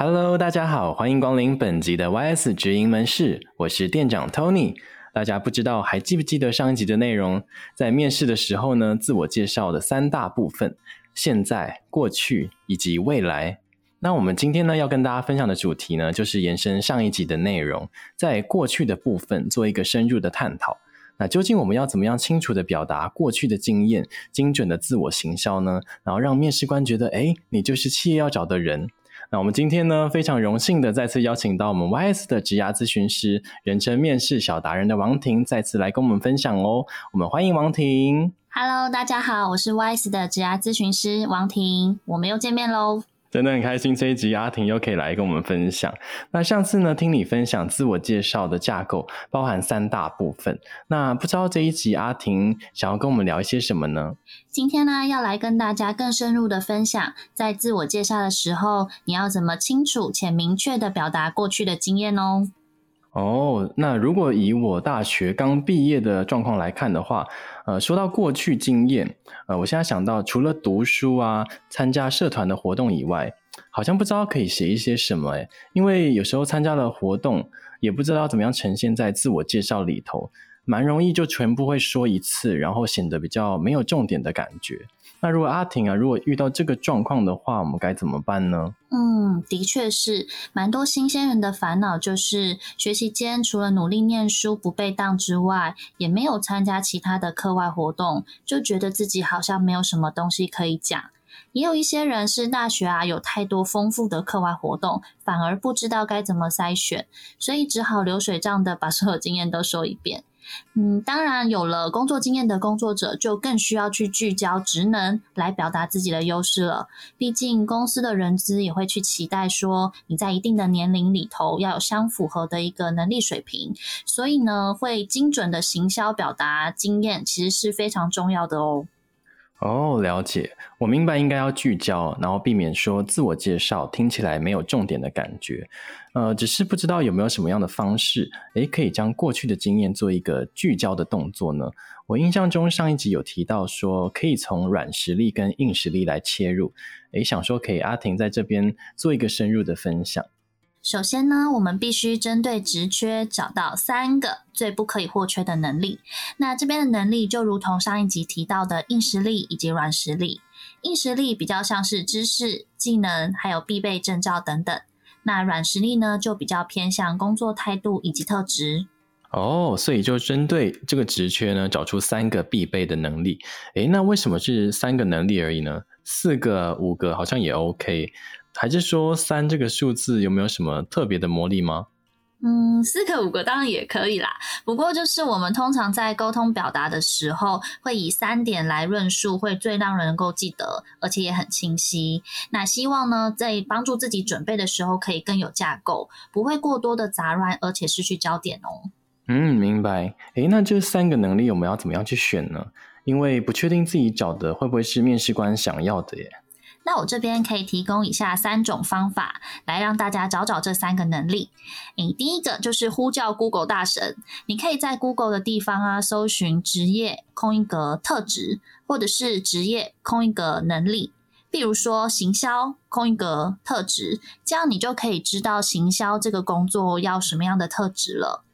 Hello，大家好，歡迎光臨本集的 YS 職營門市，我是店長 Tony。大家不知道還記不記得上一集的內容？在面試的時候呢，自我介紹的三大部分：現在、過去以及未來。那我們今天呢，要跟大家分享的主題呢，就是延伸上一集的內容，在過去的部分做一個深入的探討。那究竟我們要怎麼樣清楚地表達過去的經驗，精準的自我行銷呢？然後讓面試官覺得，誒，你就是企業要找的人。那我們今天呢，非常榮幸的再次邀請到我們 YS 的職涯諮詢師，人稱“面試小達人”的王婷，再次來跟我們分享哦。我們歡迎王婷。Hello，大家好，我是 YS 的職涯諮詢師王婷，我們又見面嘍。真的很開心，這一集阿婷又可以來跟我們分享。那上次呢，聽你分享自我介紹的架構，包含三大部分。那不知道這一集阿婷想要跟我們聊一些什麼呢？今天呢、啊，要來跟大家更深入的分享，在自我介紹的時候，你要怎麼清楚且明確的表達過去的經驗哦。哦，那如果以我大學剛畢業的狀況來看的話，呃，說到過去經驗，呃，我現在想到除了讀書啊，參加社團的活動以外，好像不知道可以寫一些什麼哎、欸，因為有時候參加的活動，也不知道怎麼樣呈現在自我介紹裡頭，蠻容易就全部會說一次，然後顯得比較沒有重點的感覺。那如果阿婷啊，如果遇到這個狀況的話，我們該怎麼辦呢？嗯，的確是蠻多新鮮人的煩惱，就是學期間除了努力念書不被當之外，也沒有參加其他的課外活動，就覺得自己好像沒有什麼東西可以講。也有一些人是大學啊，有太多豐富的課外活動，反而不知道該怎麼篩選，所以只好流水賬的把所有經驗都說一遍。嗯，當然，有了工作經驗的工作者就更需要去聚焦職能來表達自己的優勢了。畢竟公司的人資也會去期待說你在一定的年齡裡頭要有相符合的一個能力水平，所以呢，會精準的行銷表達經驗其實是非常重要的哦。哦，oh, 了解，我明白應該要聚焦，然後避免說自我介紹聽起來沒有重點的感覺。呃，只是不知道有沒有什麼樣的方式，誒，可以將過去的經驗做一個聚焦的動作呢？我印象中上一集有提到說，可以從軟實力跟硬實力來切入。誒，想說可以阿婷在這邊做一個深入的分享。首先呢，我們必須針對職缺找到三個最不可以或缺的能力。那這邊的能力就如同上一集提到的硬實力以及軟實力。硬實力比較像是知識、技能，還有必備證照等等。那軟實力呢，就比較偏向工作態度以及特質。哦，所以就針對這個職缺呢，找出三個必備的能力。哎，那為什麼是三個能力而已呢？四個、五個好像也 OK。還是說三這個數字有沒有什麼特別的魔力嗎？嗯，四個五個當然也可以啦。不過就是我們通常在溝通表達的時候，會以三點來論述，會最讓人能夠記得，而且也很清晰。那希望呢，在幫助自己準備的時候，可以更有架構，不會過多的雜亂，而且失去焦點哦。嗯，明白。哎，那這三個能力我們要怎麼樣去選呢？因為不確定自己找的會不會是面試官想要的耶。那我這邊可以提供以下三種方法，來讓大家找找這三個能力。哎，第一個就是呼叫 Google 大神，你可以在 Google 的地方啊，搜尋職業空一格特質，或者是職業空一格能力。比如說行銷空一格特質，這樣你就可以知道行銷這個工作要什麼樣的特質了。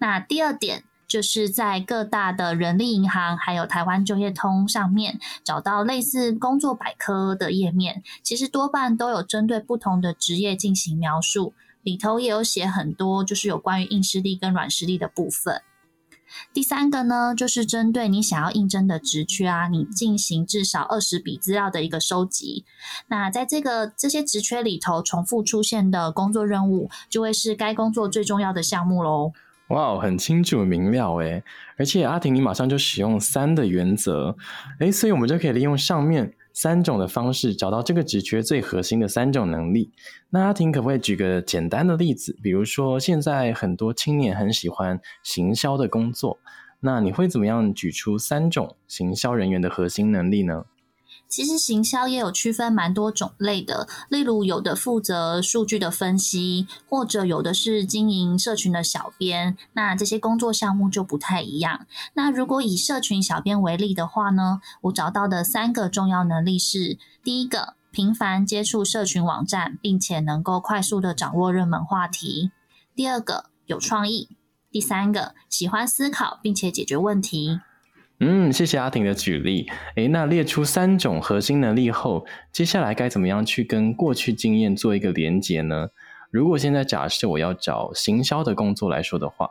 那第二點。就是在各大的人力銀行，還有台灣就業通上面找到類似工作百科的頁面，其實多半都有針對不同的職業進行描述，裡頭也有寫很多就是有關於硬實力跟軟實力的部分。第三個呢，就是針對你想要應徵的職缺啊，你進行至少二十筆資料的一個收集。那在這個這些職缺裡頭重複出現的工作任務，就會是該工作最重要的項目嘍。哇，wow, 很清楚明了誒，而且阿婷，你馬上就使用三的原則，哎，所以我們就可以利用上面三種的方式，找到這個職缺最核心的三種能力。那阿婷可不可以舉個簡單的例子？比如說，現在很多青年很喜歡行銷的工作，那你會怎麼樣舉出三種行銷人員的核心能力呢？其實行銷也有區分蠻多種類的，例如有的負責數據的分析，或者有的是經營社群的小編，那這些工作項目就不太一樣。那如果以社群小編為例的話呢，我找到的三個重要能力是：第一個，頻繁接觸社群網站，並且能夠快速地掌握熱門話題；第二個，有創意；第三個，喜歡思考並且解決問題。嗯，謝謝阿婷的舉例。誒，那列出三種核心能力後，接下來該怎麼樣去跟過去經驗做一個連接呢？如果現在假設我要找行銷的工作來說的話，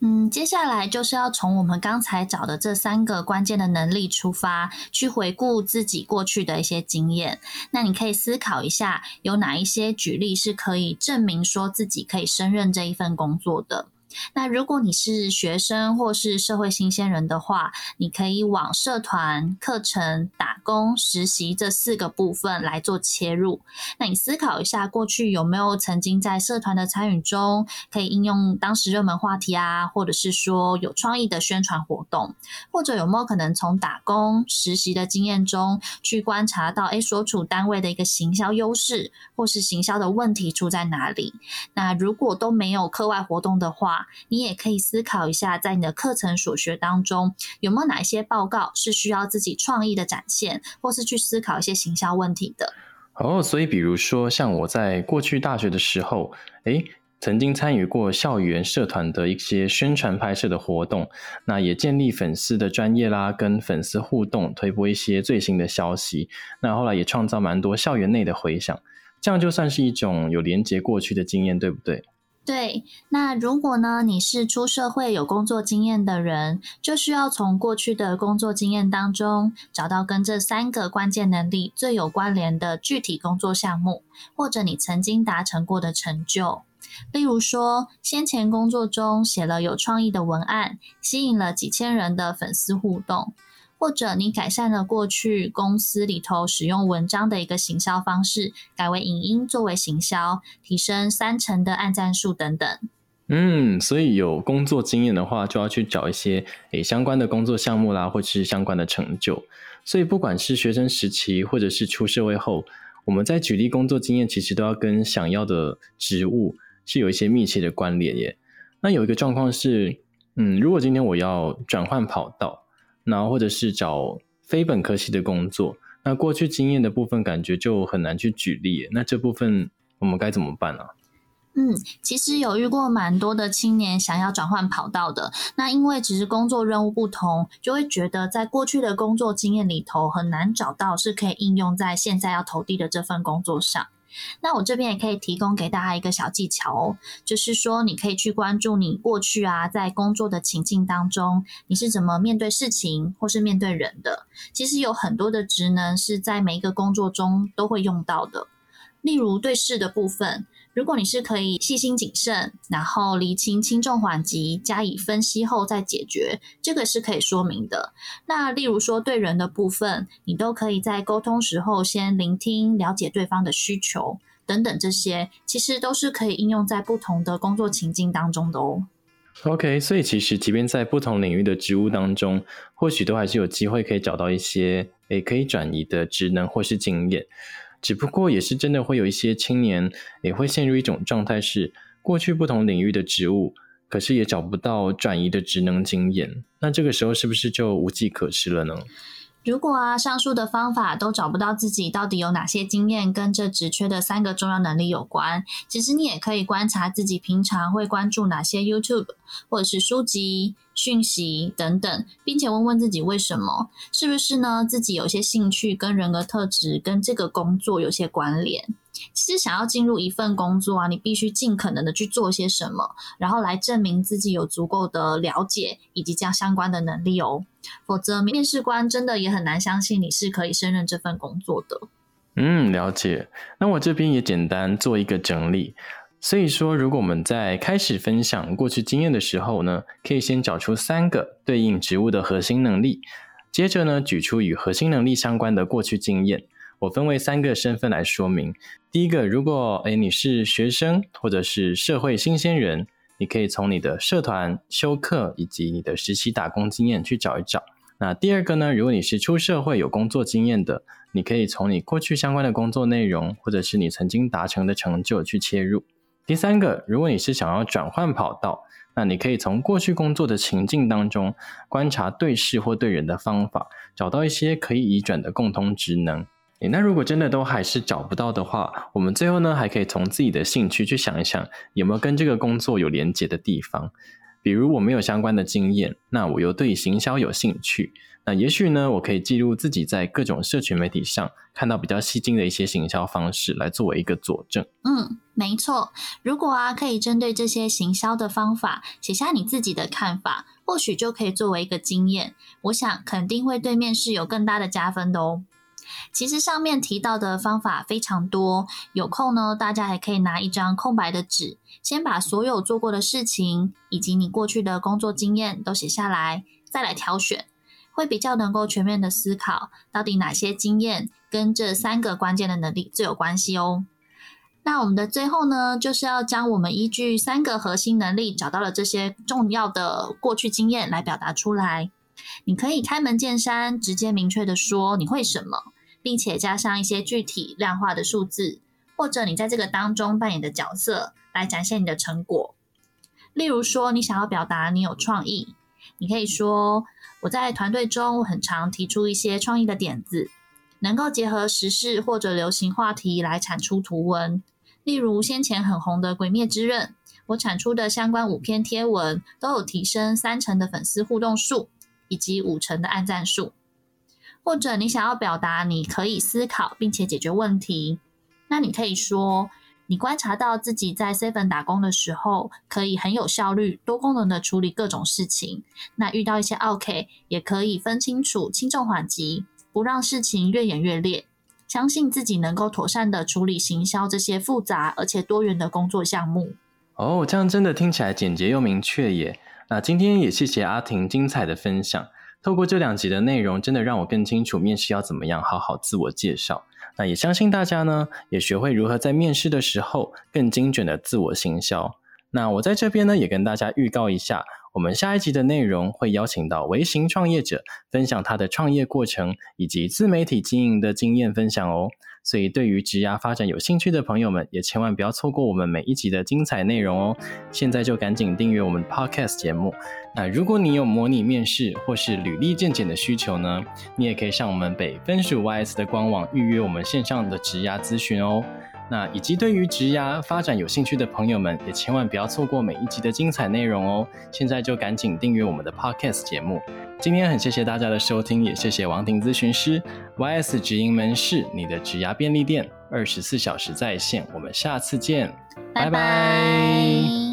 嗯，接下來就是要從我們剛才找的這三個關鍵的能力出發，去回顧自己過去的一些經驗。那你可以思考一下，有哪一些舉例是可以證明說自己可以勝任這一份工作的？那如果你是學生或是社會新鮮人的話，你可以往社團、課程、打工、實習這四個部分來做切入。那你思考一下，過去有沒有曾經在社團的參與中，可以應用當時熱門話題啊，或者是說有創意的宣傳活動，或者有沒有可能從打工、實習的經驗中去觀察到，哎，所處單位的一個行銷優勢，或是行銷的問題出在哪裡？那如果都沒有課外活動的話，你也可以思考一下，在你的課程所學當中，有沒有哪一些報告是需要自己創意的展現，或是去思考一些行銷問題的？哦，所以比如說，像我在過去大學的時候，誒、欸，曾經參與過校園社團的一些宣傳拍攝的活動，那也建立粉絲的專業啦，跟粉絲互動，推播一些最新的消息，那後來也創造蠻多校園內的迴響，這樣就算是一種有連接過去的經驗，對不對？對，那如果呢，你是出社會有工作經驗的人，就需要從過去的工作經驗當中，找到跟這三個關鍵能力最有關聯的具體工作項目，或者你曾經達成過的成就。例如說，先前工作中寫了有創意的文案，吸引了幾千人的粉絲互動。或者你改善了過去公司裡頭使用文章的一個行銷方式，改為影音作為行銷，提升三成的按讚數等等。嗯，所以有工作經驗的話，就要去找一些欸相關的工作項目啦，或是相關的成就。所以不管是學生時期或者是出社會後，我們在舉例工作經驗，其實都要跟想要的職務是有一些密切的關聯耶。那有一個狀況是，嗯，如果今天我要轉換跑道。然後或者是找非本科系的工作，那過去經驗的部分感覺就很難去舉例。那這部分我們該怎麼辦呢、啊？嗯，其實有遇過蠻多的青年想要轉換跑道的，那因為只是工作任務不同，就會覺得在過去的工作經驗裡頭很難找到是可以應用在現在要投遞的這份工作上。那我這邊也可以提供給大家一個小技巧哦，就是說你可以去關注你過去啊，在工作的情境當中，你是怎麼面對事情或是面對人的。其實有很多的職能是在每一個工作中都會用到的，例如對事的部分。如果你是可以細心謹慎，然後釐清輕重緩急，加以分析後再解決，這個是可以說明的。那例如說對人的部分，你都可以在溝通時候先聆聽，了解對方的需求等等，這些其實都是可以應用在不同的工作情境當中的哦。OK，所以其實即便在不同領域的職務當中，或許都還是有機會可以找到一些誒可以轉移的職能或是經驗。只不過也是真的會有一些青年也會陷入一種狀態，是過去不同領域的職務，可是也找不到轉移的職能經驗，那這個時候是不是就無計可施了呢？如果啊，上述的方法都找不到自己到底有哪些經驗跟這職缺的三個重要能力有關，其實你也可以觀察自己平常會關注哪些 YouTube 或者是書籍、訊息等等，並且問問自己為什麼，是不是呢？自己有些興趣跟人格特質跟這個工作有些關聯。其實想要進入一份工作啊，你必須盡可能的去做些什麼，然後來證明自己有足夠的了解以及這樣相關的能力哦。否則面試官真的也很難相信你是可以勝任這份工作的。嗯，了解。那我這邊也簡單做一個整理。所以說，如果我們在開始分享過去經驗的時候呢，可以先找出三個對應職務的核心能力，接着呢舉出與核心能力相關的過去經驗。我分為三個身份來說明：第一個，如果誒你是學生或者是社會新鮮人，你可以從你的社團、修課以及你的實習打工經驗去找一找。那第二個呢，如果你是出社會有工作經驗的，你可以從你過去相關的工作內容或者是你曾經達成的成就去切入。第三個，如果你是想要轉換跑道，那你可以從過去工作的情境當中觀察對事或對人的方法，找到一些可以移轉的共通職能。欸，那如果真的都還是找不到的話，我們最後呢，還可以從自己的興趣去想一想，有沒有跟這個工作有連結的地方。比如我沒有相關的經驗，那我又對行銷有興趣，那也許呢，我可以記錄自己在各種社群媒體上看到比較吸睛的一些行銷方式，來作為一個佐證。嗯，沒錯。如果啊，可以針對這些行銷的方法寫下你自己的看法，或許就可以作為一個經驗。我想肯定會對面試有更大的加分的哦。其實上面提到的方法非常多，有空呢，大家還可以拿一張空白的紙，先把所有做過的事情以及你過去的工作經驗都寫下來，再來挑選，會比較能夠全面的思考到底哪些經驗跟這三個關鍵的能力最有關係哦。那我們的最後呢，就是要將我們依據三個核心能力找到了這些重要的過去經驗來表達出來。你可以開門見山，直接明確的說你會什麼。並且加上一些具體量化的數字，或者你在這個當中扮演的角色，來展現你的成果。例如說，你想要表達你有創意，你可以說：我在團隊中，很常提出一些創意的點子，能夠結合時事或者流行話題來產出圖文。例如先前很紅的《鬼滅之刃》，我產出的相關五篇貼文都有提升三成的粉絲互動數，以及五成的按讚數。或者你想要表達你可以思考並且解決問題，那你可以說你觀察到自己在 Seven 打工的時候可以很有效率、多功能的處理各種事情。那遇到一些 OK，也可以分清楚輕重緩急，不讓事情越演越烈。相信自己能夠妥善的處理行銷這些複雜而且多元的工作項目。哦，這樣真的聽起來簡潔又明確耶！那今天也謝謝阿婷精彩的分享。透過這兩集的內容，真的讓我更清楚面試要怎麼樣好好自我介紹。那也相信大家呢，也學會如何在面試的時候更精準的自我行銷。那我在這邊呢，也跟大家預告一下，我們下一集的內容會邀請到微型創業者，分享他的創業過程，以及自媒體經營的經驗分享哦。所以，對於職涯發展有興趣的朋友們，也千萬不要錯過我們每一集的精彩內容哦！現在就趕緊訂閱我們 Podcast 節目。那如果你有模擬面試或是履歷健檢的需求呢，你也可以上我們北分署 YS 的官網預約我們線上的職涯諮詢哦。那以及對於職業發展有興趣的朋友們，也千萬不要錯過每一集的精彩內容哦！現在就趕緊訂閱我們的 Podcast 節目。今天很謝謝大家的收聽，也謝謝王婷諮詢師。YS 職營門市，你的職業便利店，二十四小時在線。我們下次見，拜拜。